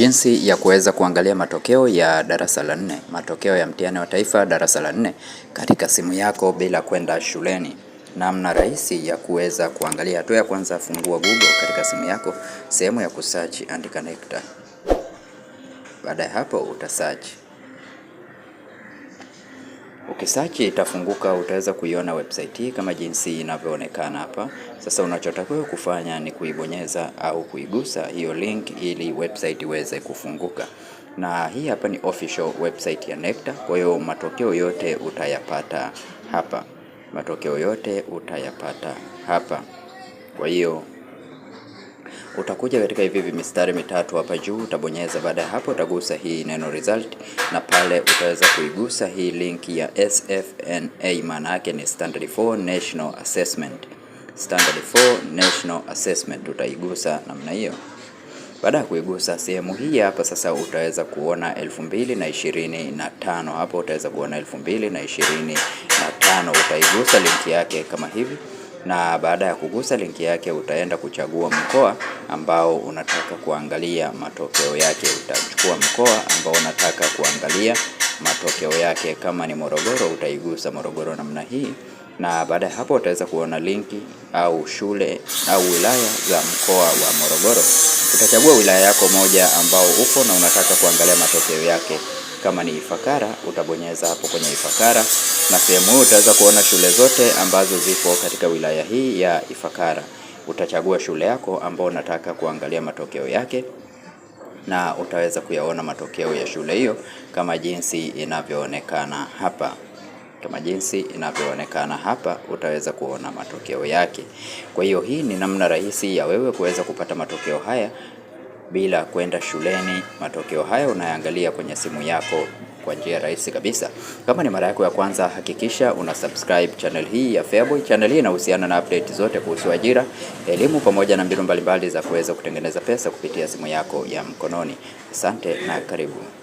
Jinsi ya kuweza kuangalia matokeo ya darasa la nne, matokeo ya mtihani wa taifa darasa la nne katika simu yako bila kwenda shuleni. Namna rahisi ya kuweza kuangalia, hatua ya kwanza, fungua Google katika simu yako, sehemu ya kusearch, andika NECTA. Baada ya hapo utasearch ukisearch itafunguka, utaweza kuiona website hii kama jinsi inavyoonekana hapa. Sasa unachotakiwa kufanya ni kuibonyeza au kuigusa hiyo link ili website iweze kufunguka, na hii hapa ni official website ya Necta. Kwa hiyo matokeo yote utayapata hapa, matokeo yote utayapata hapa, kwa hiyo Utakuja katika hivi hivi mistari mitatu hapa juu, utabonyeza. Baada ya hapo, utagusa hii neno result, na pale utaweza kuigusa hii link ya SFNA, maana yake ni Standard 4 National Assessment. Standard 4 National Assessment utaigusa namna hiyo. Baada ya kuigusa sehemu hii hapa sasa, utaweza kuona elfu mbili na ishirini na tano hapo utaweza kuona elfu mbili na ishirini na tano utaigusa linki yake kama hivi na baada ya kugusa linki yake utaenda kuchagua mkoa ambao unataka kuangalia matokeo yake. Utachukua mkoa ambao unataka kuangalia matokeo yake. Kama ni Morogoro, utaigusa Morogoro namna hii, na baada ya hapo utaweza kuona linki au shule au wilaya za mkoa wa Morogoro. Utachagua wilaya yako moja ambao uko na unataka kuangalia matokeo yake. Kama ni Ifakara utabonyeza hapo kwenye Ifakara, na sehemu hiyo utaweza kuona shule zote ambazo zipo katika wilaya hii ya Ifakara. Utachagua shule yako ambayo unataka kuangalia matokeo yake na utaweza kuyaona matokeo ya shule hiyo kama jinsi inavyoonekana hapa. Kama jinsi inavyoonekana hapa, utaweza kuona matokeo yake. Kwa hiyo hii ni namna rahisi ya wewe kuweza kupata matokeo haya bila kwenda shuleni. Matokeo haya unayaangalia kwenye simu yako kwa njia rahisi kabisa. Kama ni mara yako ya kwanza, hakikisha una subscribe channel hii ya Feaboy. Channel hii inahusiana na update zote kuhusu ajira, elimu pamoja na mbinu mbalimbali za kuweza kutengeneza pesa kupitia simu yako ya mkononi. Asante na karibu.